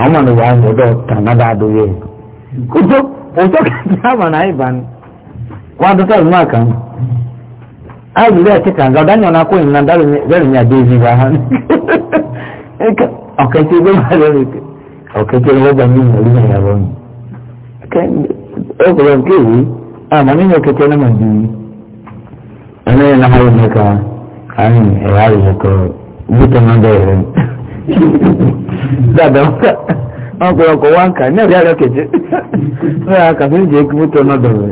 àwọn màmí wàá ń gbọdọ̀ tànádà àdóyè kótó òótọ́ kàtí àmà náà ìbá ni wọn adọ́tọ̀ ìlú àkà ń na rẹ̀ ti kàǹgà ọ̀dá yàn náà kó ìlànà dárò ní àdé ìzì bá igwe ọ̀kẹ́ tí ó bá lọ rẹ̀ ọ̀kẹ́ tí ó bá ní ìmọ̀lú náà yà lọ́nà ọ̀kẹ́ kéwì àmà nínú ọ̀kẹ́ tí ó dada wọn kọ ọkọ wọn kà ní ẹgbẹ kẹjẹ ní ẹgbẹ kàfé jẹ kí wọn tó náà dọrọ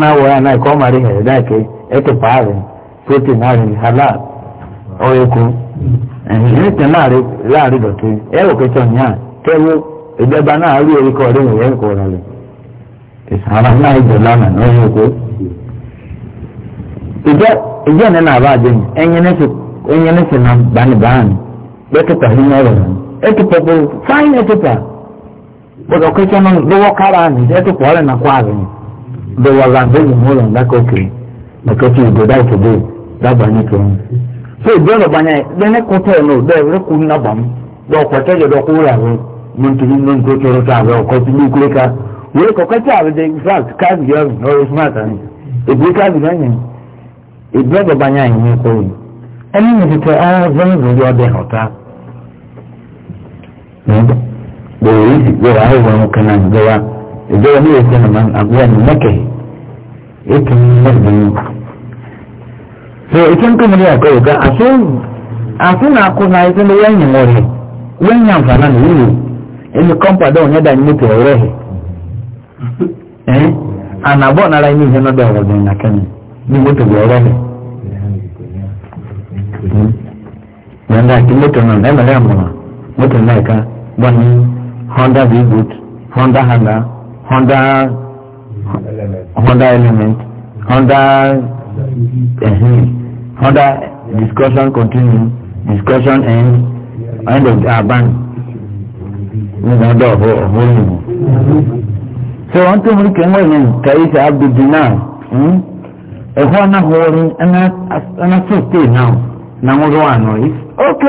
náà wọ àná ẹkọ ọmọ rẹ ẹdá ẹkẹ ẹtọ pààrọ pété náà rẹ ìhàlá ọyọkọ ẹyìn ẹtẹ náà rẹ láàrin ọrịa ọrịa onye ne na bani bani hin ɔrɔ hɛn fain ɛtupɛ bɔtɔ kɛkyɛ no dɔwɔ kara ni ɛtupɛ ɔrɛ na kɔ ari ni dɔwɔ ndị dɔwɔ mu ɔrɔ ndaka oke na da so ibi ɔrɔ banya yɛ bɛ ne kɔtɔ yɛ no dɛ ɛrɛ kun na bam dɔ kɔtɔ yɛ dɔ kó wura rɛ mɔntoni ka ẹni ní tètè á zẹ́yìn lórí ọbẹ̀ ọ̀tá. bẹ̀rẹ̀ yìí sì gbẹ̀rẹ̀ àìwọ̀n ọ̀kan náà gbẹ̀wà ìjọba ní ìrẹsì nàmá àgbẹ̀wà ní mẹ́kẹ̀ ètò mẹ́rin ní. so ìtú ń kọ́mọ́lé àkọ́ ìgbà àti àti nàkó náà ẹ̀sìn ló wẹ́yìn wọ̀ rẹ̀ wẹ́yìn àǹfààní àná yìí ẹni kọ́mpàdé ọ̀nyẹ́ dà ní mẹ́tò ọ̀rẹ́ ẹ̀ ànàbọ̀ nára ẹni ìjẹ́ náà dọ̀ ọ̀rọ̀ yanda ki motor nan ɗan da muna motor na ka wani honda v-boot honda handa honda honda element honda eh, honda discussion continue discussion end end of the ban nígbà ọdọ ọhún ọhún nìyẹn. so wọn tún mú kẹ́ńgọ́ yẹn kàyí sẹ́ abdul dinar hmm? ẹ̀họ́ náà wọ́ọ́rin ẹ̀ náà tó stay now na wọn lọ àná yìí ok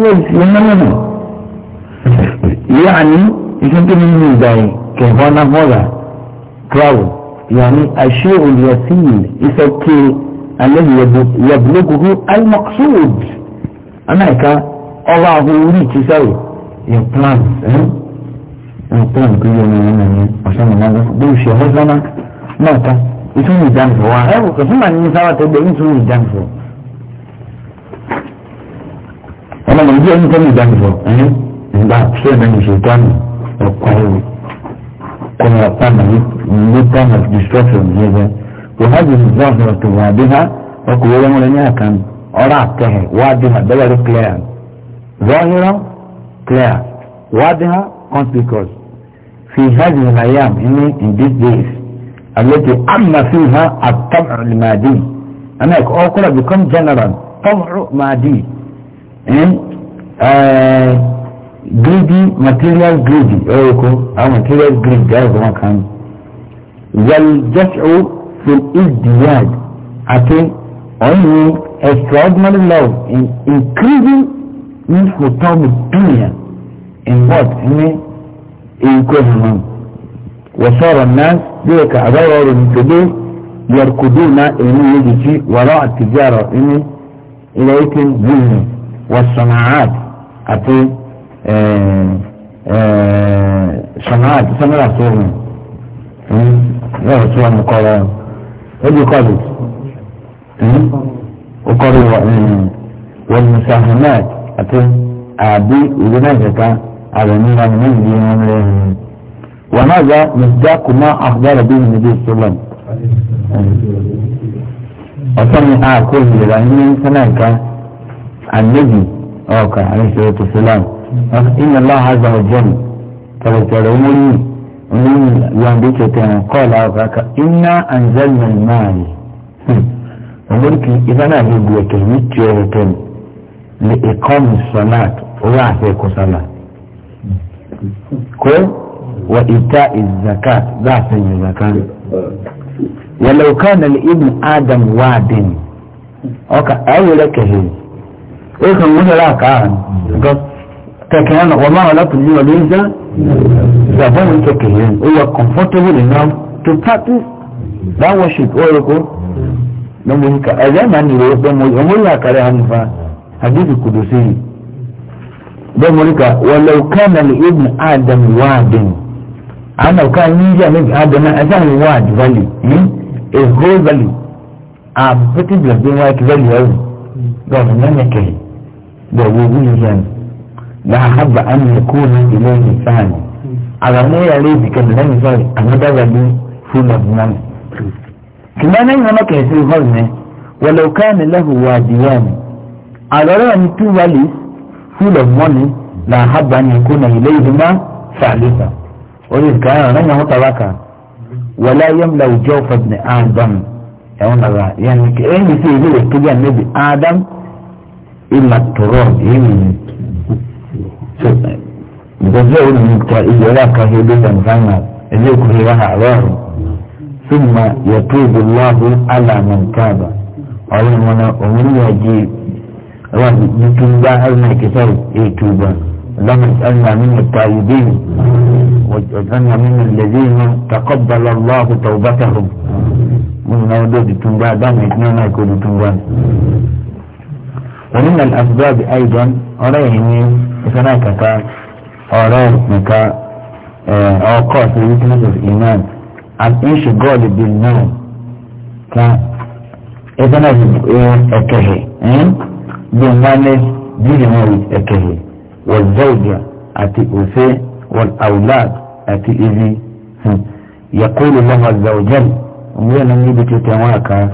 wọ́n ti fi mọ́nà nù yaani iṣẹ́ tó ní ní ìgbà yìí kẹ̀kọ́ náà mọ́ra travel yaani àṣẹ olùyàsíyìn iṣẹ́ kí alẹ́ yàgbẹ́gbẹ́gbẹ́ almaksud anáìka ọba ahun orí ìkísàwé your plan eh? your plan kò yẹ ọmọ yẹn nàní ọ̀sán ọmọ ọmọ bí o ṣe ọ̀hún sọ́nà náà ká ìtúnyìí dáńfọ̀ wa ẹ̀ kò fún màá ní sáwà tó gbé ìtúnyìí ọmọ mi bí ẹni kọ́mi ìdánilọ ẹ̀yìn ìgbà tí ẹ̀mẹ́ mi ṣètò àmì ọ̀pá ẹ̀wò kọ́mi ọ̀pá mi ní time of destruction yẹn bẹ́ẹ̀ wọ́n á bìí ìgbà ọ̀sán ọ̀tọ̀ wọ́n àbí ha ọkọ̀ wọ́n wọn ní àkàn ọ̀rọ̀ àtẹ̀hẹ̀ wáàdì ha bẹ́ẹ̀ rí clear zọ́ọ̀hìrọ̀ clear wáàdì ha conspicuous fi hajj hayam ní in these days àlejò àmà fi ha àtọ́mọ̀ lè máa dì ẹ̀nà Hmm? Eh, greedy material greed ẹ̀rọ eh, ko àwọn ah, material greed gáyọ̀ kọ́ máa kàn wal jas'u fil izdiyad àti ọ̀yìn extraordinary love in increasing ní hùtọ́mù dúnìyà in what ní èyíkọ́ ìhànà wọ́sọ̀rọ̀ náà yóò ka àbáwọ̀ rẹ̀ nítorí yọ̀rkùdù náà èyí méjì sí wàrà àtijọ́ àrọ̀ ní ilẹ̀ ìkẹ́ gbìyànjú والصناعات أتي آه، آه، صناعات سمرا سورنا يا رسول مقارنة هل قابل وقالوا والمساهمات أتي أبي ولنازك على نيرا من دينهم وهذا مصداق ما أخبر به النبي صلى الله عليه وسلم وسمع كل لأنه سنعك annabi ọkà aláìsíwájú sọlám iná láwọn àgbà ọjọ́ni tọ̀rọ̀tọ̀rọ̀ omori omori lọ́ndé tètè hàn kọ́ọ̀lá ọkà ká iná anzalman máàlì omori kì í sáná àbí ibu ẹ̀kẹ́ ní tìrẹ̀tẹ̀ lè ẹ̀kọ́ mi sọ̀nàt owó àti ẹ̀kọ́ sọ̀nà. kó wà ìta ìzàkà bá a sẹ́yìn ìzàkà yàlẹ̀ òkà nàlẹ́ ibùn ádàm wáàdìn ọkà ayọ̀lẹ̀ kẹ̀hìn. ايه من لك عام تكيان والله لا تنزل وليزا زبون تكيان we are comfortable enough to practice that worship oroko don mu ka azama ni wo don mu mu la kare han fa hadithi na don mu ka walau kana li ibn adam wadin ana ka ni ja ni adam azan wad ووجوههم لا حب أن يكون إليه فهم على ما يريد كان لا يزال أنا دغلي في أبنان كما نعم ما كيسير ولو كان له واديان على رأي تو واليس فول أبنان لا حب أن يكون إليهما ثالثا ولذلك كان نعم هو ولا يملأ جوف ابن آدم يعني يعني كأني سيدي وكذا النبي آدم إلا التراب يمين جزاء المبتع إذا كهبة فما ذكر لها عوار ثم يتوب الله على من تاب ولمن أمر يجيب رب يتوب أرنا كتاب يتوب اللهم اجعلنا من التائبين واجعلنا من الذين تقبل الله توبتهم من نودد توبة دم اتنين يكون توبة ومن الأسباب أيضا أريه هناك أريك أوقات weakness of إيمان الانشغال بالنوم ك إذا أكهي بالمال بالمال أكهي والزوجة أتي أسي والأولاد أتي إذي يقول الله عز وجل ومن يبكي تواكا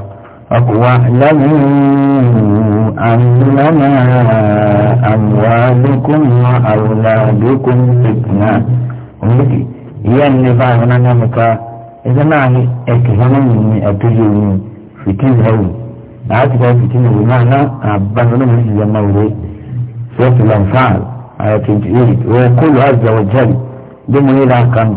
أقوى لهم أنما أموالكم وأولادكم فتنة ومثل ين فاهمنا نمكا إذا ما هي أكهنا من أتجو فتنة هو أعتقد فتنة بمعنى أبنى من الجمع ولي سورة الأنفال آية 28 ويقول عز وجل دم إلى كان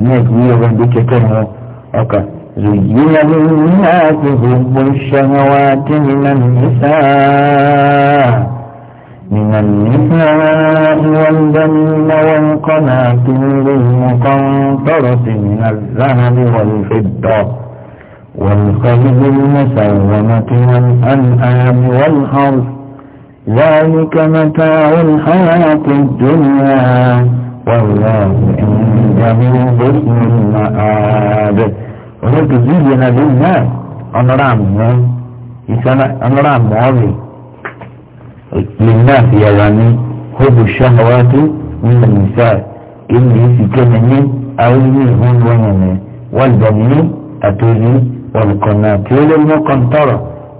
نيك ميوغن بكتنه أوكي زين للناس حب الشهوات من النساء من النساء والبنين والقناطير المقنطرة من الذهب والفضة والخيل المسومة والأنعام والحرث ذلك متاع الحياة الدنيا والله عند من حسن المآب ọ̀rọ̀ gbèsè ìlú ẹ̀nà lóyún náà ọ̀nọ́rọ̀ àmọ́ ìsọ́nà ọ̀nọ́rọ̀ àmọ́ rẹ̀ lèyìn náà fi yàrá ní hóbù ṣáhàwátú nínú nìsá kéwìn yìí sì kéwìn ní àwọn ilé ìhún wọnyẹn ní wọ́n bọ̀ ní àtòyí ọ̀lùkọ̀nà tí ó lé mú kọ́ńtọ́rọ̀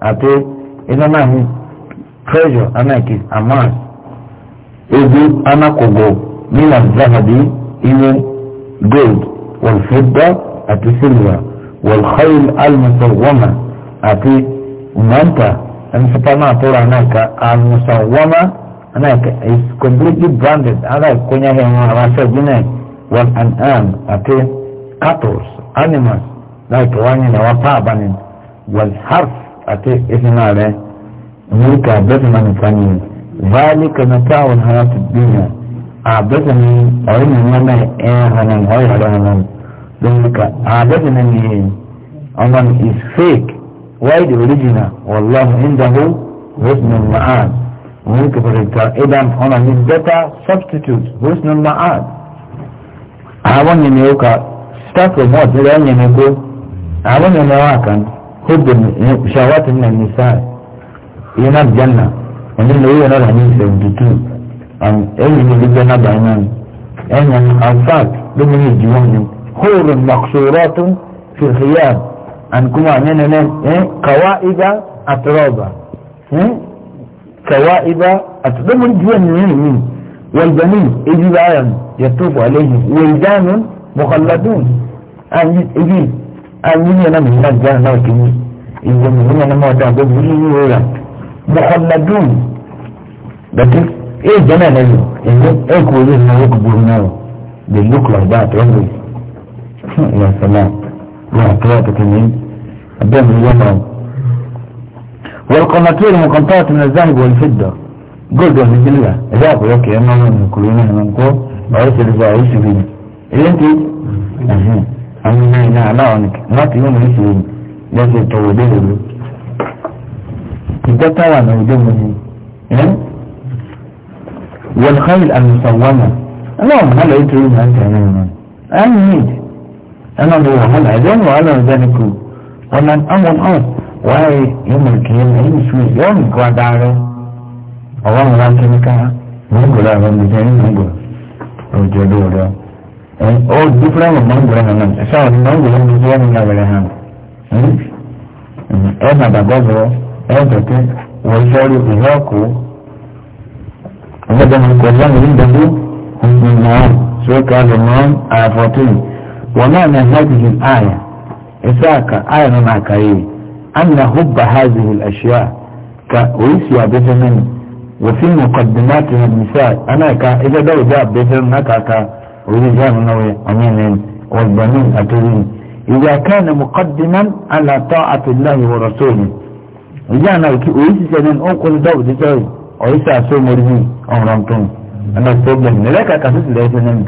àti iná náà ní treasure anaki amman egu anakogo nílà zahabi iwe gold wọ̀lùfẹ́dọ́ àti silver. والخيل المسومة أتي أنت أنا سبحان الله هناك المسومة هناك is completely branded على كونيا هي راسة جناي والأنعام أتي cattle animals like وانين وطابن والحرف أتي إثنان ملكا بثنا مكانين ذلك متاع الحياة الدنيا أعبثني أعلم من أهلا غير أهلا Dominica, our document is Oman is fake. Why the original? Wallahu indahu husnul ma'ad. Dominica for the Adam Oman is better substitute. Husnul ma'ad. Àwọn ènìyàn ọkà start from what? Ilé ẹ̀yìn ni kó. Àwọn ènìyàn wà kan. Hudu shawati min nisa. Ina janna. Oni lo yi ona la ni 72. And ẹ̀yìn ni gbígbẹ́ náà báyìí náà. Ẹ̀yìn in fact, lómi ni ìdíwọ́n ni. حور مقصورات في الخيام أنكما ننن قوائد أترابا كوائب أتضم الجوان من والبنين إجيب آيان يطوف عليهم ولدان مخلدون أجيب أمين أنا من الجنة لكن إذا من أنا ما تعبد مني ولا مخلدون لكن إيه جنة لهم إيه كويس ما يكبرنا they look like that always يا سلام يا قواتك من الدم اليمن والقناطير المقنطرة من الذهب والفضة جزء من بالله ذهب يوكي يا ماما كلنا هننكو بعرف الرجاء يسبين اللي انت اهين انا انا على عنك ما تيوم يسبين لازم توديه له ده طبعا ودمه والخيل المصومة اللهم هل انت يوم انت انا انا انا أنا دي وهل عدن وأنا ذلك ومن أمر أرض وأي يوم القيامة يمسوي يوم قدره أوام لا تنكا منقلا ومجاني منقلا وجدوا له أو دفرا ومنقلا نعم أشعر منقلا مجاني نعمل هم أنا بقضوا أنت ويشاروا إياكو هذا من كلام عنده هم من نعم سوى كالي نعم آفاتين ومعنى هذه الآية إساك آية معكري أن حب هذه الأشياء كأويسيا بثمن وفي مقدماتها النساء أنا كا إذا دو جاء بثمن أكا كا ورجال نوي أمين والبنين أترين إذا كان مقدما على طاعة الله ورسوله إذا أنا أويسي سنين أقول دو جاء أويسي أسو مرمي أمرانتون أنا أستوبلن لك أكاسس لأيسنين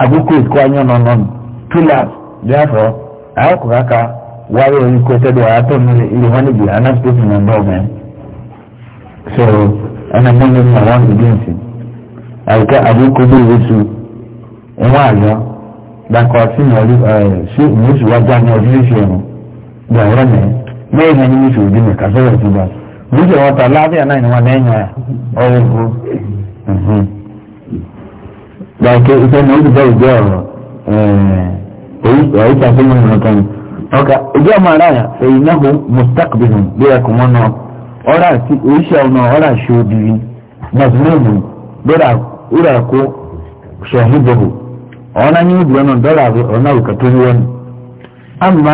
أبوكو إتكوانيا نونون pillars therefore ayokuraka wari oyin kote do ayato mele ile wani bi ana space na ndo men so ana mele na wan jinsi alika abuko bi wesu enwa ayo dako si na oli si musu waja ni odilisi enu da ora ne me na ni musu odi me kaso wa ti ba musu wa ta labi ana ni wa nenyo ya oyin ko mhm dako ife na odi ba ide girl. وعيسى ثم المكان ọjọ́ máa ráyà èyí náà hó mustaqbilun bí ẹkùn wọn náà ọ̀rá àti oríṣẹ́ ọ̀nà ọ̀rá ṣe obìnrin mọ̀sùlùmù dọ́là ìrà kó ṣọ̀hídọ̀bù ọ̀nà ní ìdí ọ̀nà dọ́là ọ̀nà òkà tó ní wọn. àmà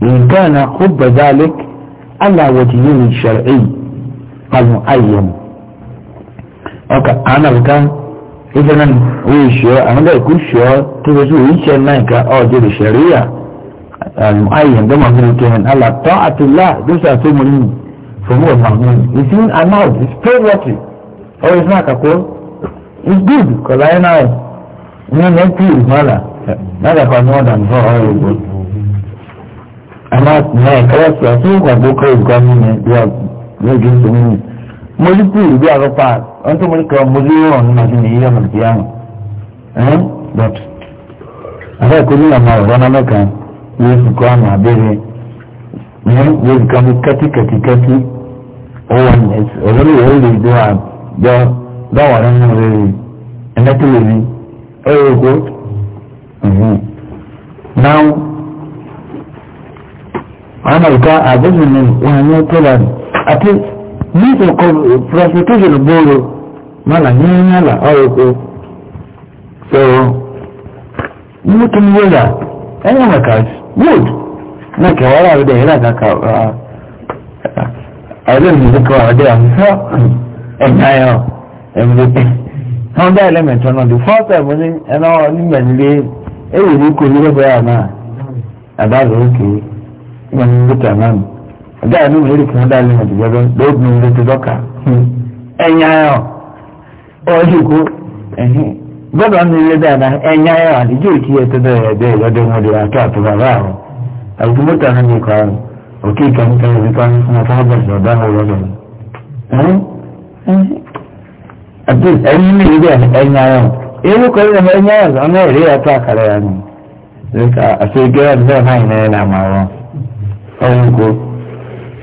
nǹkan kó bàdálẹ́k aláwọ̀dì yìí ṣàrẹ̀ èyí pàlù ayẹ̀mù. ọkà ànàbùkà ita nan wuyi shiyo a hanga ku shiyo ta da su wuyi shiyan nan ka a waje da shari'a al-mu'ayyan da mafi kenan Allah ta'atullah duk sa su mulmi for who was magnum it's in and out it's paid water or it's not kakko it's good because I know me no pee mala mala kwa more than four or you good and that na kala so so kwa boka is gone me they are making to me mo wọ́n tó mọ̀lẹ́kà mọ̀lẹ́rọ̀ ní màdí ní ìyá màdí àmà ẹ́n but àbẹ́ ìkó ní àmà ọ̀rọ̀ náà mẹ́ka yóò fi kọ́ àmà abẹ́rẹ́ ẹ́n yóò fi kàmú kẹ́tíkẹ́tíkẹ́tí ọwọ́n ọ̀rọ̀ lè rí ìdó àjọ dáwà nínú rẹ̀ ẹ̀mẹ́tí lè rí ẹ̀rọ ìkó náà wọ́n mọ̀lẹ́kà àbẹ́sùn ní wọ́n yóò tó lánàá àti ní ìkọ̀ prosecution gbòòrò mọ́là yínyínlá ọ̀rọ̀kọ́ so mú kí ni yóò yà ẹ̀yìn mẹ́ka wood náà kẹwàá rà ọ̀dẹ̀ yìí láti kà ọ̀dẹ̀ ìmúlẹ̀ kọ́ ọ̀dẹ̀ àmúfẹ́ ẹ̀yà ẹ̀ ẹ̀múlẹ̀ wọ́n dá element ọ̀nà the first time ní ẹ̀nà onímọ̀lẹ́ èyí ní kò ní lọ́bẹ̀ẹ́ àná àbá lóòkè ìmọ̀lẹ́ lókè àná mi. gáà ní ìwé ìkùn dá lẹ́yìn àdìgbẹ́bẹ́ lóògùn ìwé ti dọ́kà ẹ̀yìn ayọ̀ ọ̀ọ́dún kú ní ilé dáadáa ẹ̀yìn ayọ̀ àdìjọ́ ìkí ẹ̀tọ́ ìlọ́dẹ̀ wọn àtọ́ àwọn mọ́tà náà ní àwọn òkè ìkànnìkan kan fún ọ̀dá ẹ̀yìn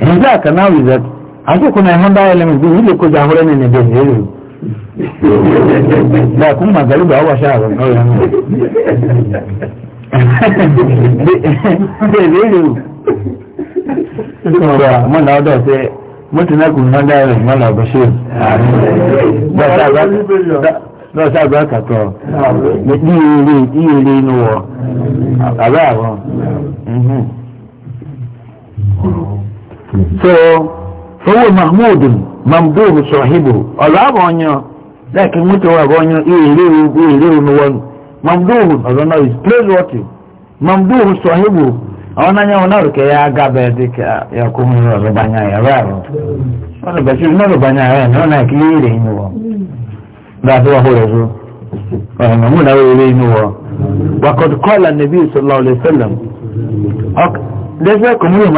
hinza ka na wizard a ce kuna honda element din yake ko jahure ne ne da yaro da kun magaru ba wa sha ban kawai ne da yaro kuma mun da da sai mutuna kun honda element mala bashir da ta ba lọ sábà kàtọ ìyèrè ìyèrè inú wọ àbá àwọn. so owó mahmood mamdub sọ̀hìbù ọ̀rọ̀ àbọ̀ ọ̀yàn lẹ́ẹ̀kí mọ́tò àbọ̀ ọ̀yàn ìrèrè ìrèrè onuwọ́n mamdub ọ̀rọ̀ náà is place what mamdub sọ̀hìbù àwọn náà yẹn wọn náà rùkẹ́ yá gábẹ́ dìkẹ́ yà kó mu ọ̀rọ̀ bá yàn yàrá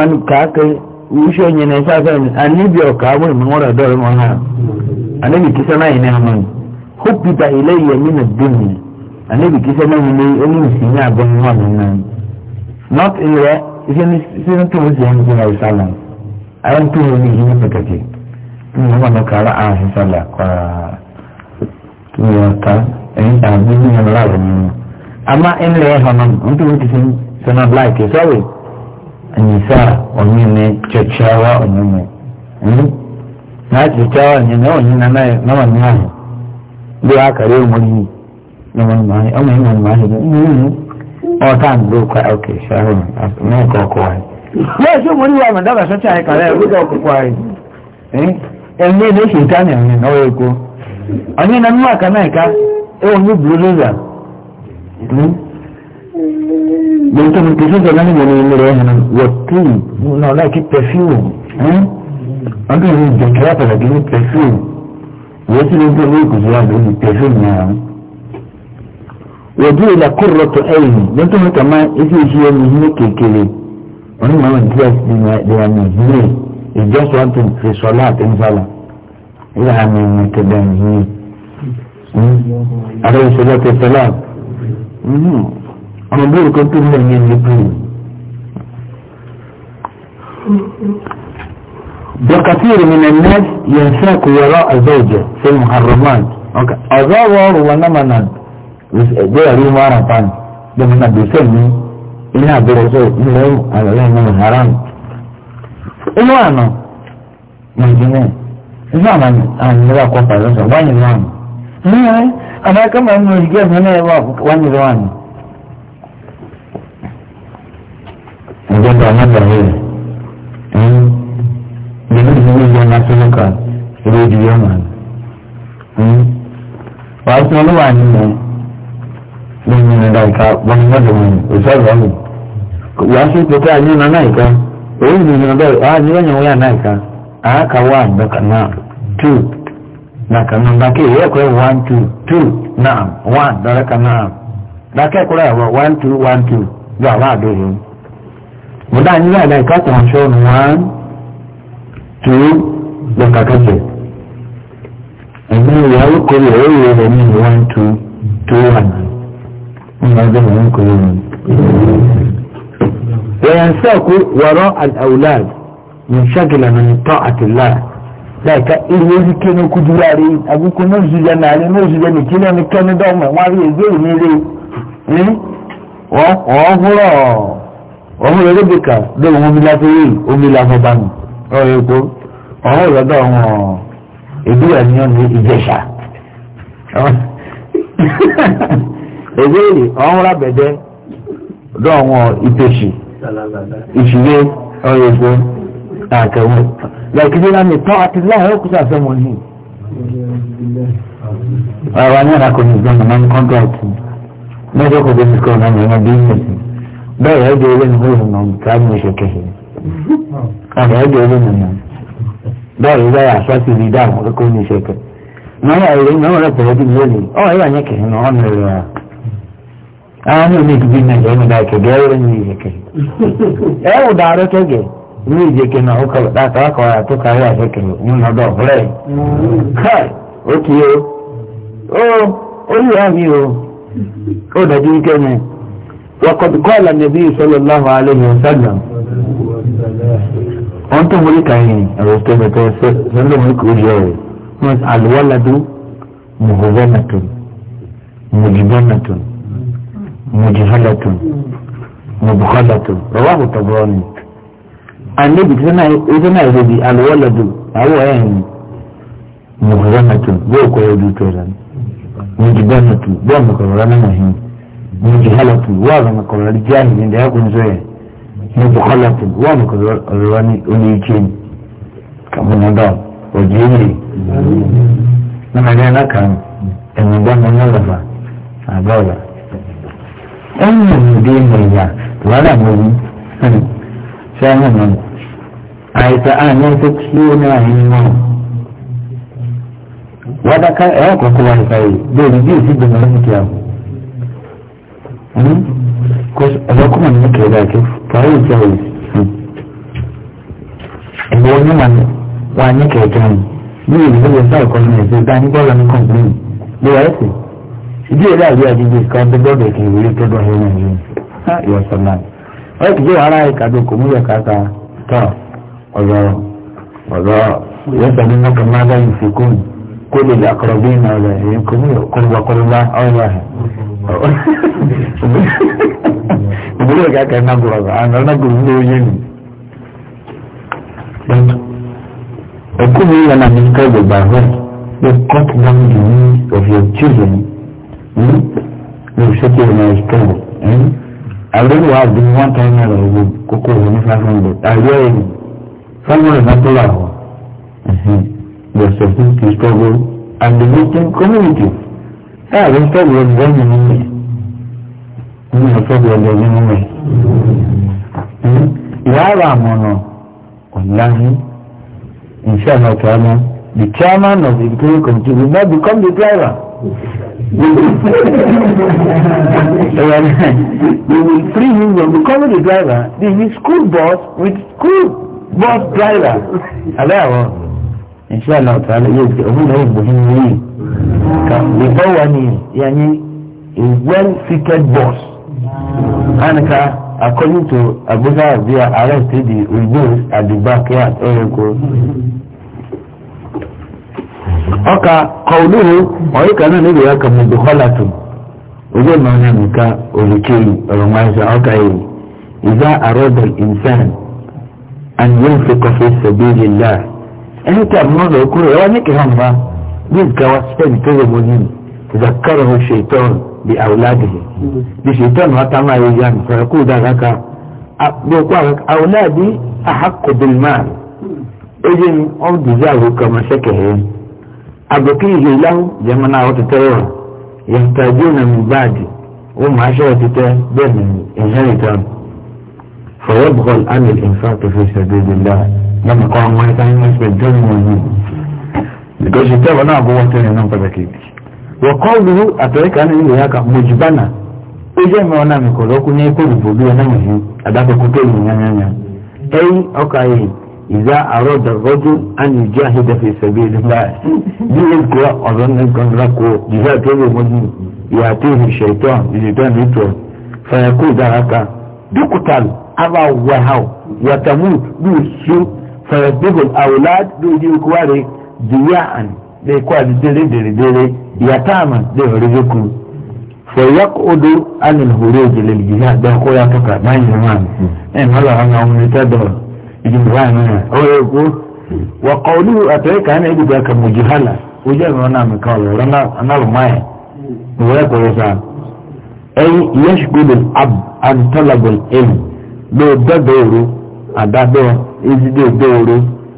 na wọ́n lè usho nyene sasa anibi okawe mwora dole mwana anibi kisa na ina amani hupita ilayya min ad-dunya anibi kisa na ina ina sinya bon mwana na not ira isini isini tu muzi yangu na sala ayan tu ni hini pakati tu mwana kala a sala kwa tu yata en ta ni ni na la ama en le hanan untu kisin sana like sorry nisa onyine chochawa onyine hmm? na chochawa onyine onyine naye n'abantu aho ndi akari omuri n'abantu aho omu n'abantu aho n'abantu ọtandụ kwa oke shahu n'ụka ọkụwa yes omuri wa mada basa chayi kara ụka ọkụkwa anyị ẹni ní ṣe ìta ní ọ̀nà ìnáwó na ọ̀nà ìnáwó onye blue ní bùrọ̀lọ́zà hmm? don ta mutu sun zama ne ne mura yana wattu na wala ki perfume eh an ga ni da kira ta da ni perfume wasu ne ko ne ku zuwa da ni perfume na wadu ila qurratu ayni don ta mutu ma isi shi ya ni ne kekele wani ma wani dress ni ma da ya ni ne it just want to fi salat in sala ila ni ne ta da ni alayhi hmm? salatu wassalam amabiru ko tumbe ngi ni bu ba kafir min an-nas yansaku wara azawja fi muharraman okay azawa wa namana de ari mara pan de na de sen ni ina de rezo ni le ala le ni haram ino ano ni jine ino ano ani ni wako pa zonza wanyi wano ni ae anaka ma ino jige mene wanyi wanyi na dalili domin su zai zama su muka rediyo ma ba su wani wani ne don yi na daika wani wadda wani usar da mu ya su ko ta yi na naika oyin su na bai a yi wani wuya naika a haka wa da kana two na kana da ke eh, yi akwai one two two na'am one da raka na'am da ke kura yawa one two one two da ba dohin wọ́n dáa nílẹ̀ àdá ìkàtà aṣọ one two lọ́kàkàtẹ̀ ẹ̀gbẹ́ ìyàwó kọ́lé ẹ̀rọ ìwé rẹ̀ ní one two two one wọ́n máa dé ìyàwó kọ́lé rẹ̀. وينساك وراء الأولاد منشغلا من طاعة الله láìka ilé oríkè ní kúdúrà rí àbúkú mọ́sùlẹ̀ nàárín mọ́sùlẹ̀ nìkílẹ̀ ní kẹ́mídọ́ọ̀mù wọ́n rí èdè ìníire wọ́n húrọ̀ ọmọ rẹ lóde kà lórí wọn mílá tó yìí omi làwọn bá mi ọ̀rọ̀ epo ọ̀hún ìrọ̀dọ̀ wọn ìdúrà ní ọ̀nà ìjẹ̀ṣà ìbéèrè ọ̀hún rábẹ̀dẹ́ lọ́dọ̀ wọn ìtòṣì ìṣìlẹ̀ ọ̀rọ̀ epo àkẹwò lẹ́kìdí náà mi tán àti láàrín òkú sàfẹ́ wọn ní. ọ̀rọ̀ wa ní àràkùnrin ìgbọ́n náà máa ń kọ́ńtà ọ̀tún mẹ́jọ kò dé mi kọ́ ọ̀nà ìrìnàjò ìgbẹ̀sìn bẹ́ẹ̀ ẹ̀jẹ̀ ilé ni wọ́n mọ̀ káàdì oṣù kẹsìn àbẹ̀ ẹ̀jẹ̀ ilé ni mọ̀ bẹ́ẹ̀ ìgbà yà sọ́ọ̀tì rí dáhùn ọkọ̀ ní iṣẹ́ kẹ náà èrè náà rẹ̀ pẹ̀lú bí wọ́n lè ọ̀ ẹ̀yà yẹn kẹsìn náà ọ̀nà rẹ̀ wá. àwọn ní omi ìdíbí náà yẹn nígbà kẹgẹ ẹ̀rọ ní iṣẹ́ kẹ ẹ wò dàrẹ́ kẹgẹ ní ìjẹ kẹ náà ọkọ̀ látàkọ̀ àtọ́ kárí àṣẹ kẹ nínú ọdọ̀ وقد قال النبي صلى الله عليه وسلم أنت ملك عين الرسول صلى ملك وجهه الولد مهزمة مجبنة مجهلة مبخلة رواه الطبراني النبي إذن يهدي الولد هو عين مهزمة بوكو يدو تيران مجبنة بوكو رانا مهين mujahalatun wa zama kwarar jahilin da ya kunzo ya mujahalatun wa makarwani olice ne kamar na da waje ne na magana na kan ɗan gwamna na lafa a gawa ɗan yanzu dai mai ya wala mai sai nan a yi ta'a nan ta ciwo na hanyar wadaka ẹ̀rọ kọ̀ọ̀kan wà nípa yìí bẹ́ẹ̀ ni bí èsì gbẹ̀mọ̀ lọ́mọ kí a kù ọlọ́kùnrin ní kẹ̀lẹ́ àti fàáyé ìjọ rẹ̀ ẹ̀wọ̀ onímọ̀ wa ní kẹ̀kẹ́ rẹ̀ ní ìlú ìlú sáà kọ́ ní ẹ̀sẹ̀ dání bọ́ọ̀lù ní kọ̀m̀pínì ló wà ẹ̀sẹ̀ ìdí èrè àbí àdíje kan tó gbọ́dọ̀ kì í wọlé tó dọ̀ ẹ̀rọ ìlú ìwọ sọ̀nà ẹ̀ kìí jẹ́ ara ìkàdó kò múlẹ̀ káta tọ̀ ọ̀rọ̀ ọ̀rọ̀ yẹ́sẹ̀ ní mọ́kàn máa bá yìí ìbílẹ̀ kàkà nàgùrọ̀ àná nàgùrọ̀ ní oyé mi. Ẹ̀kú mi yẹn na describe by when you cut down the needs of your children hmm? you set your mind strong. Hmm? I really one time now I would kókó òun ní five hundred. Àyẹ̀ ẹ̀yìn somewhere is not allowed. Hmm? They are supposed to struggle and the victim community ẹ̀rọ ń tẹ̀lé ọgbẹ́ mi nílẹ̀ ní ọ̀tọ́gbẹ́ ọgbẹ́ mi nílẹ̀ ìyára àmọ̀nà ọ̀láyé iṣẹ́ ọ̀nà ọ̀tọ́ọ̀nà the chairman of the Victoria committee will not become the driver we will free him from becoming the driver this is school bus with school bus driver alẹ́ àwọn iṣẹ́ ọ̀nà ọ̀tọ́ọ̀nà yóò gbé òun náà yóò gbé bikawani yani a well fitted boss anka according to abuja they are arrested the rebels at the backyard ẹ̀rẹ̀kọ́. ọkà kọ̀ọ̀lùhù ọ̀yíkà náà níbi ọkà mọ̀dùkọ́làtù ojú ọ̀nà ọ̀nà nìkan olùkèyì ọ̀rọ̀ máa ń sọ ọkà yìí ìdá àrọ́dọ̀ ìnsán and yóò fi kọfí sẹ̀bí lè la ẹni tí a mọ̀ ọ́ lọ kúrò ẹ̀ wá ní kìhàn bá. دين كذب كذبونين تذكره الشيطان بأولاده الشيطان هو تعمى يجان فيقول ذلك أولادي أحق بالمال إذن أود أرض كما شكهين أبقيه له جمعنا وتتروا يحتاجون من بعد وما ومعشرة بين الانسان فيبغل أن الإنفاق في سبيل الله لما قام ما يتعلم اسم الدنيا because you tell na abuwa tẹ̀lé náà pàtàkì wọ́kọ́lù àtẹ̀ríkà ní ìwé yàkà mojibana ó jẹ́ mi ọ̀nà mi kọ̀ lọ́kú ní ẹ̀kọ́ ìbò bí ọ̀nà mi yìí àdàkọ́kọ́ tó yìí yányányá ẹ̀yìn ọkà yìí ìdá àárọ̀ dàgọ́jú àni ìjọ àhídàfẹ́ ìṣẹ̀bí nígbà bí ó kọ́ ọ̀rọ̀ ní gbọ̀ngàn kó ìdá tó lè mọ́jú ìyá tó lè ṣètọ́ ìdìtọ́ nìtọ́ fàyàkó ìdáraka dókítàl àbá wàhálà yàtàmú bí ó ṣú fàyàkó àwòlá bí ó diya'an da kwa dare dare dare da ya taka dan jama'a eh mala hanga mun ta da idin wani o ko wa qawluhu atayka ana idu ka mujahala wajen wana mai kawo ranar mai ay ab an ilm do da doro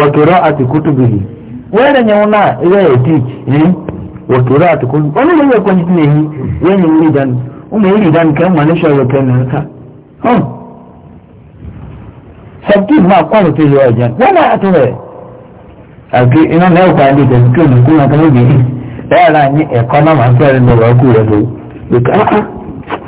Wakira ati kutubihi were nyauna iwe etik eh wakiro ati kutubihi oni lewe kwenye tinehi wenye ulidan ume ulidan kama manisha yotena hata hon sabti ma kwa kwalo tili wajan wala atuwe aki ina neo e kwa andi kwa kuna kama bi ya la ni ekona mansa ni wakura tu Because, uh ah, ah.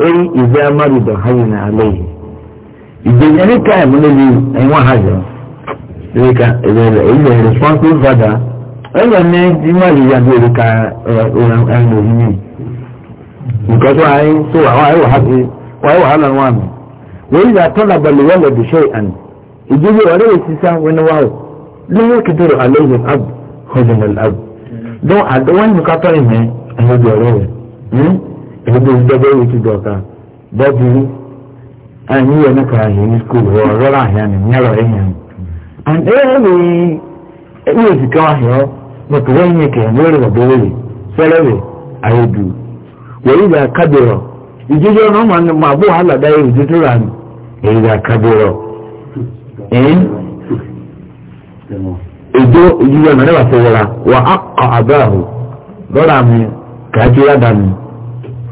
orí ìzẹ́ amárùdọ̀ hayọ̀ náà alẹ́ yìí ìgbésẹ̀ ní táìmù níbi ẹ̀wọ̀n hajọ́ ìrìkà ìrẹ̀lẹ̀ ilẹ̀ responsible father ẹ̀rọ ní ìmọ̀ ìyàgbé ìrìkà ẹ̀rọ yìí because ayé so àwọn ayé wàhálà wọ́n ayé wàhálà wọn àmì wọ́n yìí yà tọ́lá balẹ̀ wọ́n lọ bìṣẹ́ àn ìdíje ọ̀rẹ́ yìí sísá wọn wá o lóyún kìtìrì àlẹ́yìn ab hojjìn al ab dọ́n àdọ́wọ́n nìkan ìmẹ̀ ẹ̀yọ́ ọ̀rẹ́ rẹ̀ ebe ndebe wetu dọta bọbiri anyị yɛ n'ụka ahịa ní skuul hụ ọrọrọ ahịa nị nyere ịhịa nị and ee bụ ihe esika ahịa maka ụwa ihe ka ndị ọrụ ọbụla yi sere bụ ahịa du wee ga kabiro ijiji ọnụ ma abụọ ala daa ewu jụtụ ra nị ee ga kabiro ee ijiji ọnụ ọnụ wa wa akọ abụọ ahụ lọrọ amị ka a chịrị adanị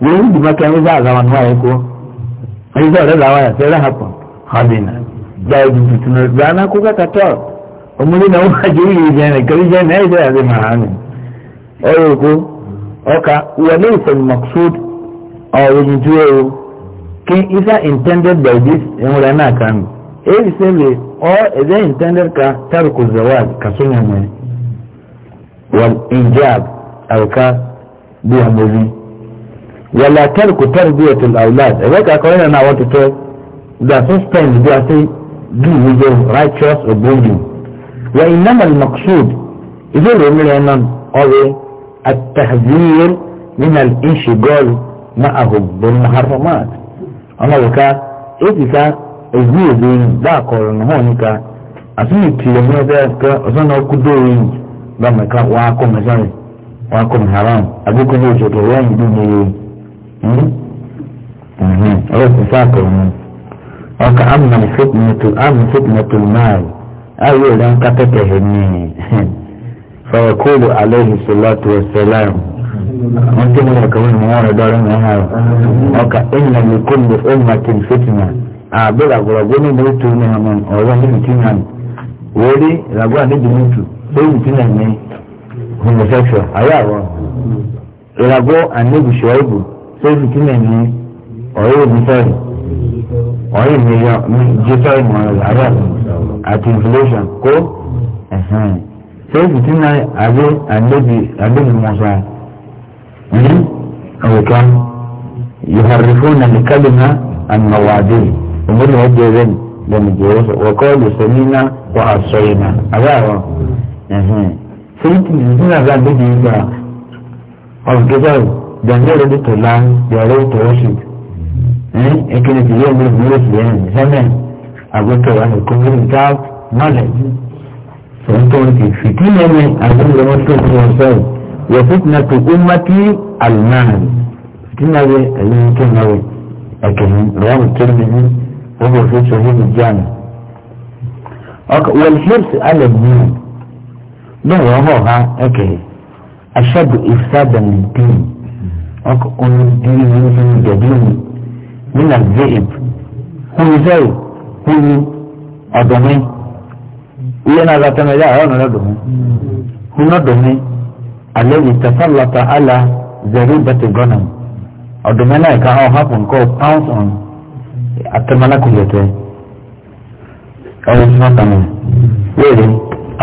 wani duma kan za a zaman waye ko ai za a rawa ya sai rahapon hadina da ya ji tunar rana ko ka kato umuri na wa jiri ne ne kari je ne da ya zama hanin ayo ko oka wa laysa al maqsud aw yujuu kin isa intended by this in rana kan eh sai or is intended ka tarku zawaj ka sunan ne wal ijab aw wala tarku tarbiyatul awlad e ka ko na want to the sustain do I say do with the righteous obedience wa innama al maqsud idoro mi lenan owe at tahzir min al inshigal ma'ahu bil muharramat ana waka idika ezu ezu da ko no honika asini tire mi da ka osana kudori ba meka wa ko mazari wa ko haram abuko ni jodo wa ndu ni ọlọ́sọ̀sọ́kọ̀ ọ̀hún ọkà amúnà fúnpùnàtò náà ayé ìlànà kátẹ́kẹ̀ hẹ́ni fọ̀rọ̀kọ́lù aláìhì sọ́látù ọ̀sẹ̀láì wọ́n tí mo lọ kọ́ ní wọ́n rẹ̀ dọ́rọ̀ ní ọ̀hún ọkà ẹ̀yìn àmì sẹ́yìn tí mi ní ọ̀rẹ́ mi sọ́ọ̀rì ọ̀rẹ́ mi yọ mi mọ́ àyà àti inflation kó sẹ́yìn tí mi àgbẹ̀ àgbẹ̀bí àgbẹ̀bí mọ̀ọ́sá ní àwùjọ يحرفون الكلمة عن مواضيع ومن هو جيرين لم يجيرين وقالوا سمينا وعصينا أبعوا سيدنا ذا بدي إذا أو كذا they are not ready to learn, they are ready to worship. Eh? Ekele eh, ti yẹ ẹgbẹ́ ìgbìmọ̀ ìfìyà ẹ̀ sẹ́mẹ̀ àgbẹ̀tọ̀ àwọn ìkọ́wé without knowledge. Sọ̀tọ̀ ti fìtí lẹ́nu àgbẹ̀rẹ̀ wọn tó fún wọn sọ̀rọ̀. Yẹ fìtínà tó ó má tí àlùmáàrì. Fìtínà yẹ ẹ̀yìn tó náà wẹ̀ ẹ̀kẹ̀yìn lọ́wọ́ tó ní ní wọ́n bọ̀ fún sọ yẹ́nu jáàmù. Ọkọ̀ wọ́n ṣẹ́ẹ̀sì alẹ̀ mìíràn. Bẹ́ẹ̀ wọ́n họ̀ ha ẹ̀kẹ̀yìn. Aṣọ́bù ìfúsàbẹ̀ nìdín ọkùnrin dín ní ní ìjọ̀gbìn ní nàìjíríà hún ìfẹ́rù hún ní ọ̀dọ̀mí iye náà bá tẹ́lẹ̀ yá ọ̀rọ̀ náà dọ̀mí hún náà dọ̀mí alẹ́ ìtẹ̀sánlọ́ta àlà zẹ̀rí bẹ́tẹ̀ gọ́nà ọ̀dọ̀mí náà ká ọ̀ hapun kọ́ pounds on atẹ́mọ́lákùnjẹ̀tẹ̀ ọ̀rọ̀ tí wọ́n tàn mí wéèrè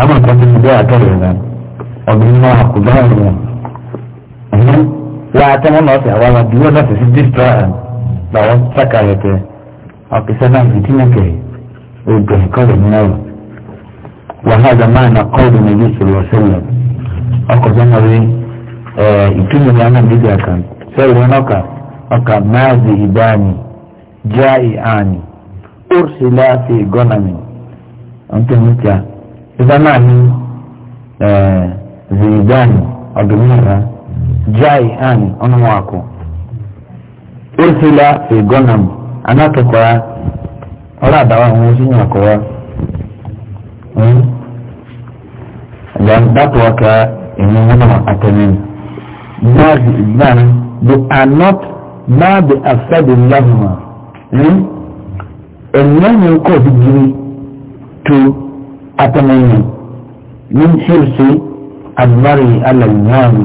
àwọn nǹkan tó ti bẹ́ẹ̀ àtọ́rẹ̀ rẹ̀ ọ̀dọ̀mí náà kò bá wá atẹ́mọ́ náà ọ̀sẹ̀ àwọn àwọn ìdíwọ́ náà sì sí destroy am làwọn sáka rẹ̀ tẹ ọ̀kẹ́sẹ́ náà fi tínú kẹ̀ ogun ìkọlẹ̀ náà wàhálà máa na kọ́ọ̀dù níbi ìṣòro ọ̀sẹ̀lẹ̀ ọkọ̀ sọ́nà rí ìtumọ̀ ní àwọn ìdíje àkàn sẹ́yìn wọn ọkà ọkà máa di ìbáni já ìhàní òrùsílẹ̀ àti ìgọ́nàmì ọ̀ntẹ́mìtìá ìbánáà ní ìbáni ọ̀dùnmọ́ra jai ani ọnụ nwakụ ursula egonam anakịkwara ọrụ adawa ahụ ozi nyakụwa datuwa hmm? uh, ka enyi nwana atẹmin nazi nan they are not ma be afsadi lahuma ẹnyanyi hmm? kọ bi giri to atẹmin min hirsi admari alalmani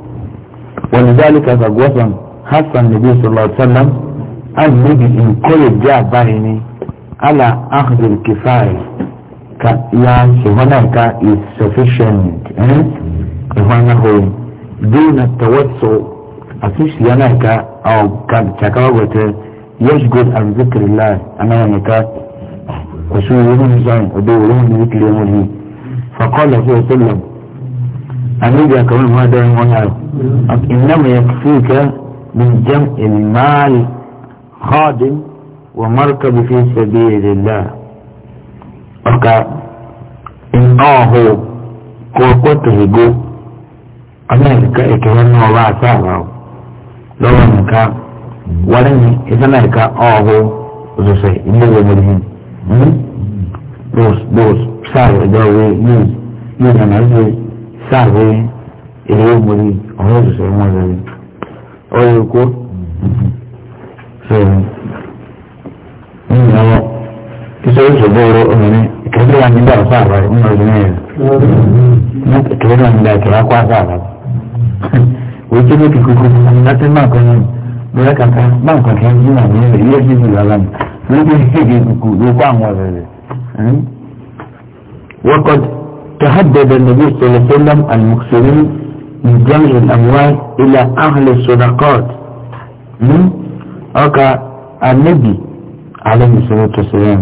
ولذلك فقوصا حث النبي صلى الله عليه وسلم أن نجي إن كل جاء بارني على أخذ الكفاية يا هناك is sufficient هنا هو دون التوسع أفيش هناك أو كان تكاوت يشغل عن ذكر الله أنا هناك وسوء لهم زين ودور لهم ذكر يوم فقال صلى الله عليه وسلم أميديا كمان ما ده يمنعه إنما يكفيك من جمع المال خادم ومركب في سبيل الله أكا إن آهو كوكوته جو أمريكا إكوان وضع سعره لو أنك ولن إذا أمريكا آهو زوسي إنه مرهن دوس دوس سعر إدوي يوز يوز أنا sáàbẹ èrè òmòrì ọ̀rọ̀ òṣìṣẹ́ wọn lórí ọ̀rọ̀ èkó sọ̀rọ̀ nínú ọwọ́ kíṣọ́ ìṣòro ọ̀rọ̀ obìnrin ìkẹ́kẹ́ wa nígbà ọ̀sán àbáyé ń lọ sí ní ẹ̀rọ ìkẹ́kẹ́ wa nígbà ìkẹ́kẹ́ wa kó àṣà àbáyé wòye tí mo ti kúkú láti máa kọ́ ní bẹ́ẹ̀ kàkà máa kọ́ kí n yí wà ní ilé yẹ́ تهدد النبي صلى الله عليه وسلم المكسرين من جمع الأموال إلى أهل الصدقات أكا النبي عليه الصلاة والسلام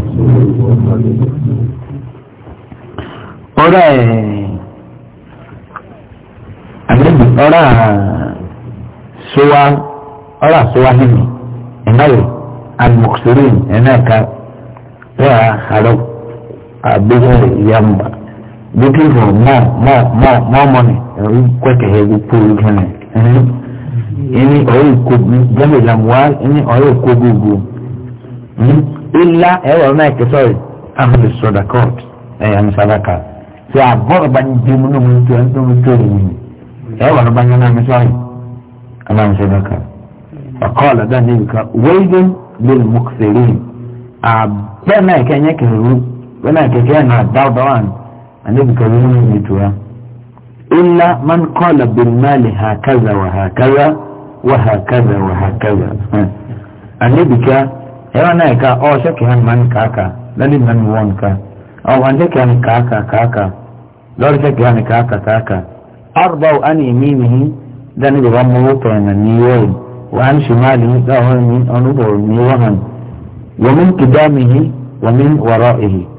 أرى النبي أرى سوى أرى سوى هني إنه المكسرين هناك يا حلو أبيه يمبر looking for more more more more money ẹ̀rú kwẹ́kẹ̀ ẹ̀rú kúrú kẹ́nẹ̀ ẹni ọ̀rọ̀ ìkógun jẹ́mi làmúwá ẹni ọ̀rọ̀ ìkógun gbò ilá ẹ̀rọ náà sodakot ẹ̀yà sadaka ṣe àbọ̀rọ̀ bá mu náà mo ń tó ẹni tó mo tó ẹ̀rù ẹ̀rọ náà bá náà mi sọ̀rọ̀ ẹ̀rọ musadaka ọ̀kọ́ọ̀lá dáa níbi ká wẹ́ẹ́dẹ́ annabi ka zama mai tura illa man qala bil mali hakaza wa hakaza wa hakaza wa hakaza annabi ka yawa na ka o shaki han man kaka lalin man won ka o wanda ka han kaka kaka lor shaki han kaka kaka arba an yaminihi dan ga ban mu ko na ni yoyi wa an shimali da hon ni onu bo ni wa han wa min qidamihi wa min wara'ihi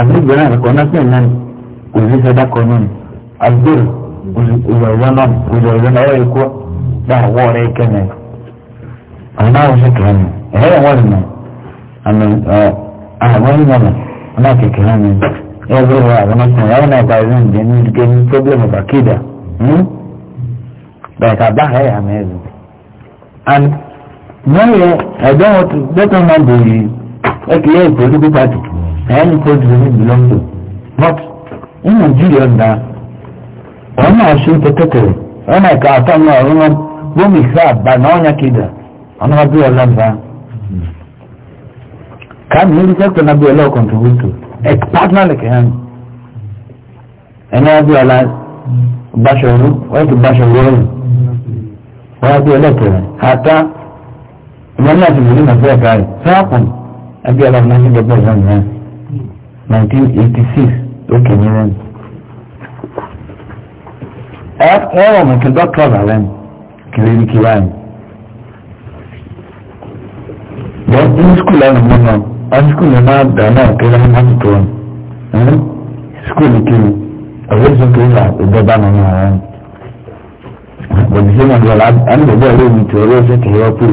àgbègbè náà kọ́ náà pẹ̀lú náà kò sí sẹ́dá kọ́ náà àgbèrò òjòjò náà òjòjò náà ọ̀rọ̀ ikú dáa wọ́ ọ̀rẹ́ kẹ́mẹ́ àná ọ̀sẹ̀ kẹ́mẹ́ ẹ̀rẹ́ wọ́n ni àmì àwọn ìmọ̀nà ọ̀nà kẹ̀kẹ́ náà ni ẹgbẹ́ wọn àwọn ọ̀sẹ̀ ẹ̀rọ náà bá ẹ̀rọ ìjẹ́ ní ìdíkẹ́ ní pọ́blẹ́mù bàkídà hmm? bẹ̀ẹ̀ka bá ẹ̀yà mẹ́rin and any country we belong to but in nigeria na wọn náà ṣe pẹtẹtẹrẹ wọn náà kà àtọ náà wọn náà gómi sá àbá náà wọn yà kéda wọn náà bí ọlá nfa kàmi ní sẹkítọ náà bí ọlá kọntribútù ẹ pàtàkì lẹkẹ hàn ẹ náà bí ọlá gbàṣọrú wọn ti bí ọlá tẹrẹ àtà ìmọ̀lẹ́ àti ìmọ̀lẹ́ rẹ̀ sáàpù ẹbí ọlá náà ní gbẹgbẹ́ ìhàn 1986 ókè ní rẹ́ni. ẹ wọ̀ mọ̀ kí dọ́kítọ̀ rà rẹ́ni kiri ní kiri àyìn. wọ́n ní skul ẹ̀rọ mi náà wọ́n skul ní máa dà náà kí lẹ́yìn náà ti tó wọn. skul kiri ọ̀rẹ́ ìṣó kiri là ìjọba nínú ara rẹ̀. bọ̀dé sí náà lọ́la á ní bẹ̀rẹ̀ ọ̀rẹ́ mi tó ọ̀rẹ́ ìṣó kiri ọ̀pọ̀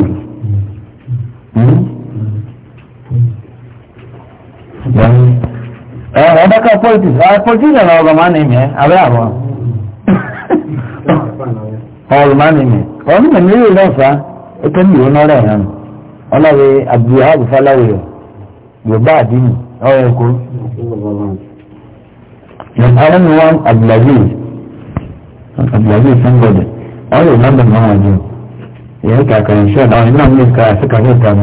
Thank you ọba eh, eh, ká politics ah politics na ọba máa ní mi abẹ́ àbọ̀ ọba máa ní mi ọba ní mi yóò lọ́sà ẹ̀kẹ́ mi yóò nọ́ọ̀rẹ́ yẹn ọlọ́wẹ́ abdulhab falawe yorùbá àdínì ọ̀rẹ́ ẹ̀kọ́ ọ̀rẹ́ mi wọn abdulaziz abdulaziz sanbọdẹ ọ̀rẹ́ ìlànà náà wà jù ìyẹn kàkà ìṣe ọ̀nà ìlànà mi kà sí kàkà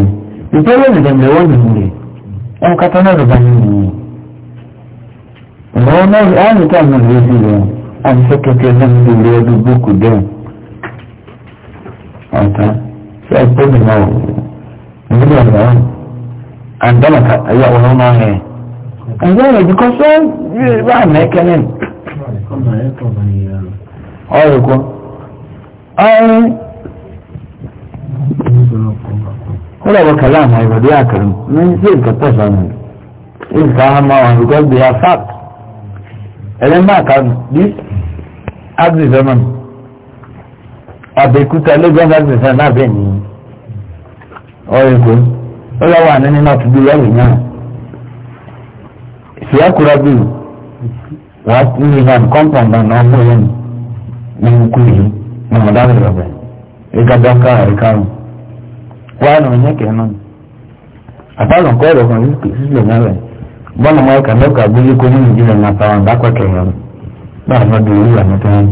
ìta ìtọ́wọ́ ìdẹ̀mẹ̀ wọ́n ní ìwé wọn kátó náà rẹ̀ bá ní ìwé ìwọ́n náà rẹ̀ á nìkan náà rẹ̀ sí rẹ̀ àti sẹ́kẹ̀kẹ́ náà ní ìwé ọdún bókù dẹ́wọ̀n ọ̀tá sí ẹgbẹ́ mi náà ìwé ọ̀rọ̀ wọn àdánàkà ayé àwọn ọmọ rẹ̀ ẹ̀yẹ́ rẹ̀ bí kò sọ bá mẹ́kẹ́ kódà bọ kàlámù àìbàdí àkàrùn ní ṣé nǹkan pọ̀ sọ́nà rẹ̀ nǹkan á máa wà because they are fact ẹ̀rẹ́ máa kà this axis ọmọ mi àbẹ̀kúta lagos axis náà náà bẹ̀ ní ọ̀rẹ́kọ̀ ó lọ wà nínú náà tún bí yẹ̀wò náà ìṣẹ́ àkúrà bí wà ní ìhàn compound náà ọmọ yẹn ní nkú yìí ní ọ̀dà rẹ̀ rẹ̀ ìgbàdàkà àríkàrùn wàá nà ọ̀nyẹ́ kẹ́nu àtàlọ̀ nǹkan ọ̀rọ̀ kan sílẹ̀ mẹ́rẹ̀ bọ́ọ̀nù mọ́ ọkà mẹ́kà gbélé kó nínú ìdílé náà pa àwọn àdákọ̀ kẹ̀yọ̀ báà má dùn ìlú àmì tán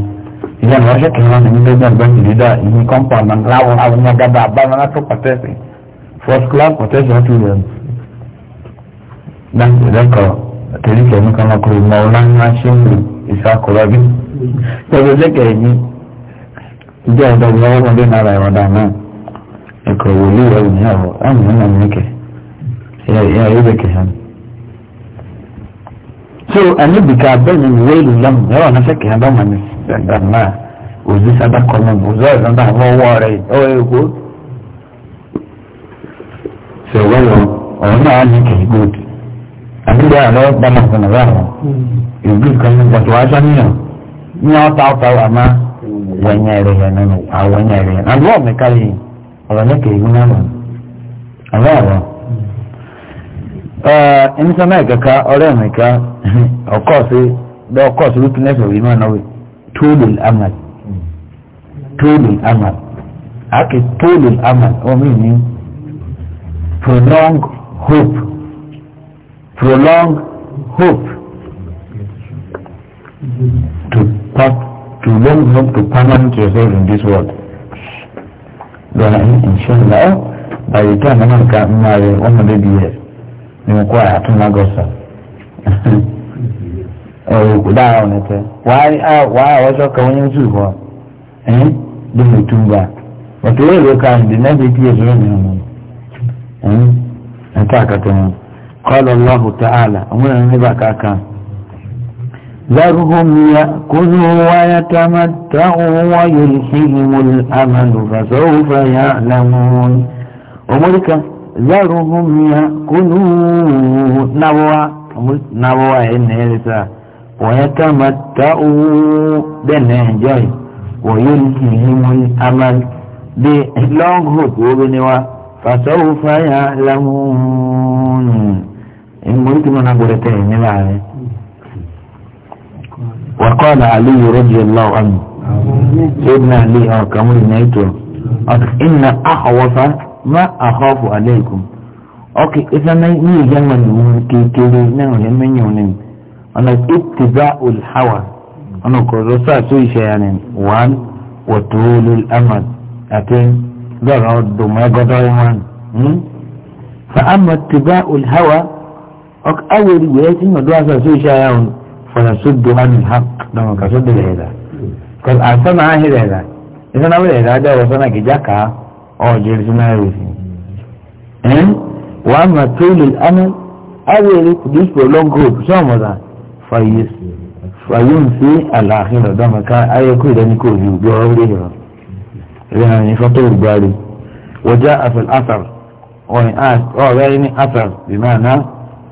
ìyá mi wáṣẹ́ kẹ̀yọ̀ náà ní gbẹ́gbẹ́ àgbẹ́ mi dídá ìní kọ́ńpọ̀n náà láwọn àwọn ọ̀gádà àbáwọn aṣọ pọ̀tẹ́sì first class pọ̀tẹ́sì ọ̀tún rẹ̀ dáńtì lẹ́kọ̀ọ́ torí kẹ̀mí kan náà kúrò mọ́ ọ̀lànà ṣéwù ìṣàkùrọ̀ bí pẹ̀lú lẹ́kẹ̀ẹ́ yìí ìjọ ìdọ̀gbọ̀n ọlọ́mọdé náà ra ìwọ̀n dáná daga wuli ya wuni yawo an yana nake ya yi da ke hannu so annabi ka bayyana wailu lam yawa na sake hannu ma ne dama ozi sada kọmọ ozi ọzọ náà wọ́n wọ́ rẹ̀ ọ yẹ kó so wọ́n ọ̀rọ̀ náà ní kì í good àbúrò àlọ́ bàmà kan náà wọ́n ìgbì kan ní bàtò wáṣá níyàn ní ọ̀tá ọ̀tá wà má wọ́n yẹn rẹ̀ yẹn nínú àwọn yẹn rẹ̀ yẹn àdúrà ọ̀mẹ́kálẹ̀ yìí ọ̀rọ̀ ní kèé yín náà ọ̀rọ̀ ọ̀rọ̀ ẹnisa náà kẹka ọ̀rẹ́ mi ká ọ̀kọ́ọ̀sì bẹ́ẹ̀ ọ̀kọ́ọ̀sì weakness of iman náà tóòlù amal tóòlù amal àkè tóòlù amal ọmọ ìní prolong hope prolong hope to, to long hope to permanent yourself in this world. lọ́la ìṣẹ́lá ọ́ báyìí tí àwọn náà ká máa ni mo kọ́ àtún lágọ́sà ọ̀rọ̀ òkú dáhà ọ̀nà tẹ wàá ọjọ́ kan wọ́n yẹn tù kọ́ ẹ̀yìn bí mo ذرهم يأكلوا ويتمتعوا ويلحهم الأمل فسوف يعلمون وملك ذرهم يأكلوا نوى نبوة إنهلسة ويتمتعوا بنهجي ويلحهم الأمل دي لونغ وبنوا فسوف يعلمون إن ملك من أقول تهي وقال علي رضي الله عنه سيدنا علي كم نيتو إن أخوف ما أخاف عليكم أوكي إذا ما يجي من كيكيري نعم من يونين أنا اتباع الهوى أنا كرسا سوي يعني وان وطول الأمد أتين ذرا الدماء قدرين فأما اتباع الهوى أوك أول ويأتي مدواسة سوي يعني فيصد عن الحق لما كصد الهدى قد أعطنا هدى إذا نقول الهدى وصنا كجاكا أو جلسنا يوسين وأما طول الأمل أول this prolonged hope some of that فيس فينسي الآخرة دم كان أي كل ذلك يجيو بأوله يعني فطول بالي وجاء في الأثر وإن أس أو بين أثر بمعنى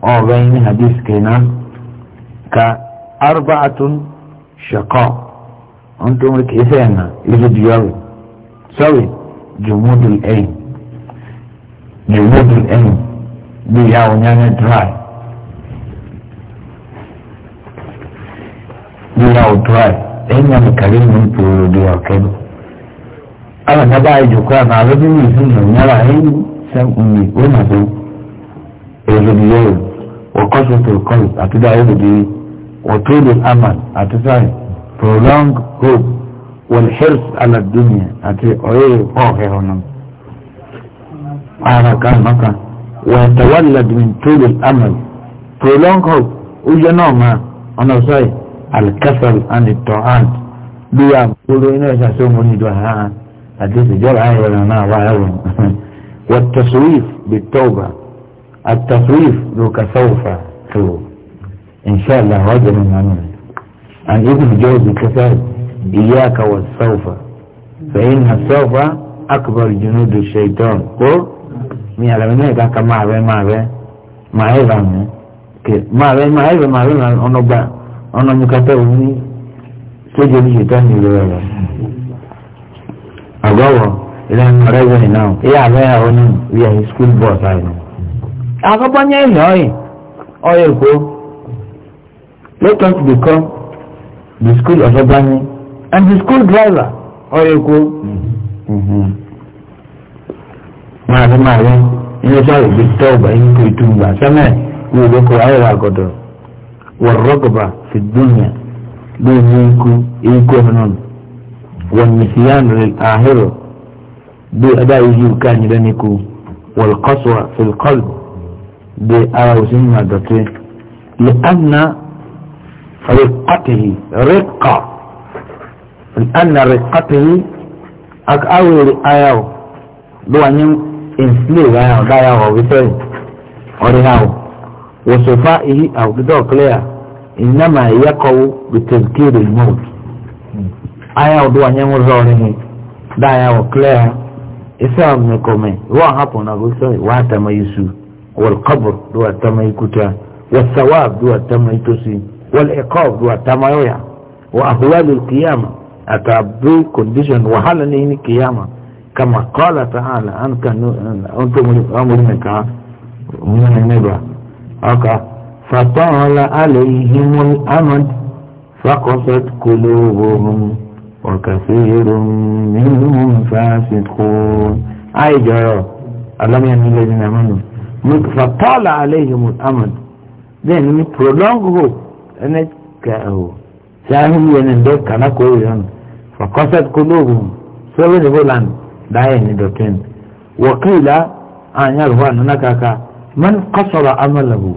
أو بين حديث كنا ك arba'atun shaqa on to mo ke se na izu diyawi sorry jumudul ain jumudul ain bi ya onyana dry bi ya dry enya mkarimu mpuru diwa kenu ala na ba ijo kwa na alabi ni sun na nyala hin san ummi ona so izu diyawi wa qasatu alqalb atida izu diyawi وطول الأمل أتساعد prolong hope والحرص على الدنيا أتي أيه آخر هنا أنا آه، كان مكا ويتولد من طول الأمل prolong hope وجنا ما أنا ساي الكسل عن الطاعات بيا بقولوا إنه يسموني دعاء أديس جل عين ولا أنا رايون والتصويف بالتوبة التصويف لو كسوف توب inshallah wajen wannan an ibn jawzi kasar iyaka wa saufa fa inna saufa akbar junudu shaitan ko mi ala mene ka ka ma be ma be ma e ba me ke ma be ma e be ma be na ono ba ono mi ka te uni se je ni shaitan ni le ba agawo ila na rewe na ya be ha we are his school boss i know agabanya ni oi ko let us become the school of Obani and the school driver ọ̀yẹ̀kọ́ maame maame ilé sọ àgbè tẹ ọba yìí kò tún gbà sẹmẹ ní ìlú kọ ayé wa gọdọ wọrọgọba fi dúnyà lóyún ní ikú ikú ọhún ọhún wọn mìsíyàn rẹ àhẹrọ bí ọdá yìí yìí ká nyeré ní ikú wọn kọsọ fìlkọlù bí ara òsínú àdọtí lè àná. رقته رقة لأن رقته أكأوي رقايو لو أن ينسليو غايو غايو ويسوي ورهاو وصفائه أو كدو كليا إنما يقو بتذكير الموت ayaw do anyan wo zɔre he da ayaw clear isa me kome wa hapo na go so wa tama yesu wal qabr do tama ikuta was sawab do tama itosi والعقاب والتمايويا وأهوال القيامة أتعبي كونديشن وهل نيني قيامة كما قال تعالى أنك أنتم أمرنك من النبع أكا فطال عليهم الأمد فقصت قلوبهم وكثير منهم فاسقون أي جرى ألم يعني الذين آمنوا فطال عليهم الأمد then we prolong hope ene kao sahum yene ndo kana ko yon fa qasat qulubum sawu de bolan dai ni doten wa qila an yarwa nana kaka man qasara amalahu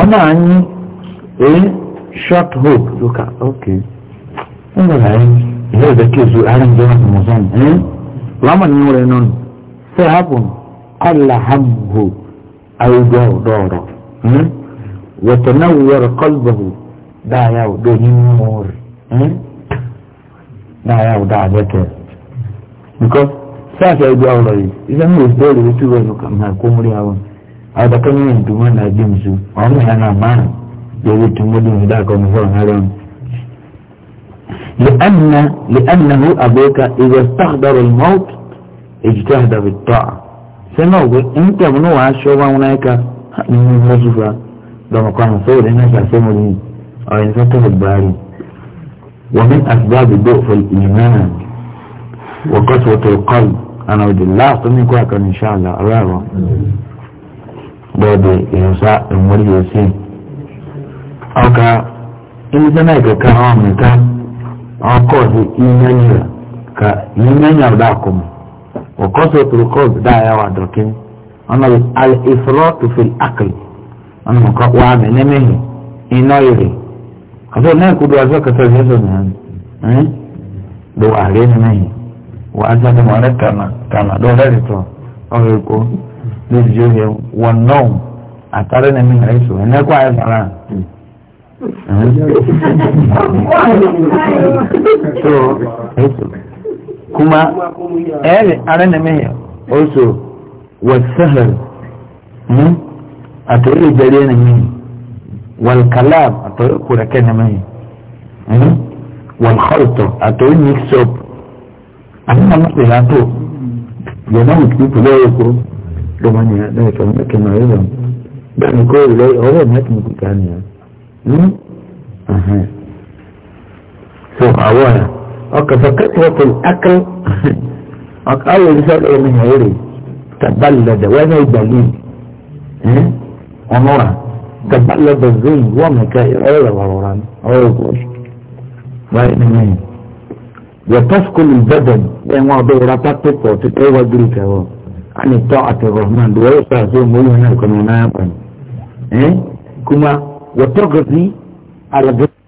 ona anyi e short hope luka okay ndo lai ile de kizu arin jona mozan eh lama ni wore non se happen qalla hamhu ay do do يتنور قلبه دا ياو دوني مور دا ياو دا جاتا نكو ساك يا ابو اذا مو يستوي لي كم ها كومري ها وان او دا كان يين دوما نا جيمسو وانو هانا ما يوي هو هارون لان لانه ابوك اذا استحضر الموت اجتهد بالطاعه سنو انت منو عاشوا ونايكا من مزفه لمقام صور الناس عسمني أو إن فتح الباري ومن أسباب ضعف الإيمان وقسوة القلب أنا ودي الله أطمي كواكا إن شاء الله أرابا بابي يوسع المولي يوسين أو كا إن سنعك كهام كان أو قوة إيمانيا كا إيمانيا داكم وقسوة القلب دا يا وعدكين أنا الإفراط في الأقل ana maka wa me ne mehi ino yiri azo na ku do azo kata yeso ne eh do ale ne mehi wa azo de mo kana kana do re to o ko ni jo ye wa no atare ne me re so ne kwa e sara eh? so eso kuma ele are ne mehi also wa sahar hmm? atoyi jariya na mini wal kalam atoyi kurake na mini wal khalto atoyi mix up amma mutu ya to yana mutu ku da yako kuma ne da yake mun kana yi ba da ni ko da ore ne kin ku kan ya so awara aka fakat wa fil akl aka ayi sai da mun yayi taballada wani dalil ọ̀nùrà gàgbà lẹ́bẹ̀ zéyìn wọ́n mẹ́ka ẹ̀rẹ́ wàrọ̀rà ni ọ̀rọ̀ ìgbọ̀ báyìí ní mẹ́yìn. yọ̀tọ́sukùlù bẹ́bẹ̀ ẹ̀ wọ́n ọdọ ìrà pátákó ti pé wá gírí kẹwọ́ àni tọ́ àti rahman ló wáyé sáà sí ọmọ ìwé náà kọ́ni náà pẹ̀lú. kuma wọ́tọ́gọ́sí alagẹ́sí.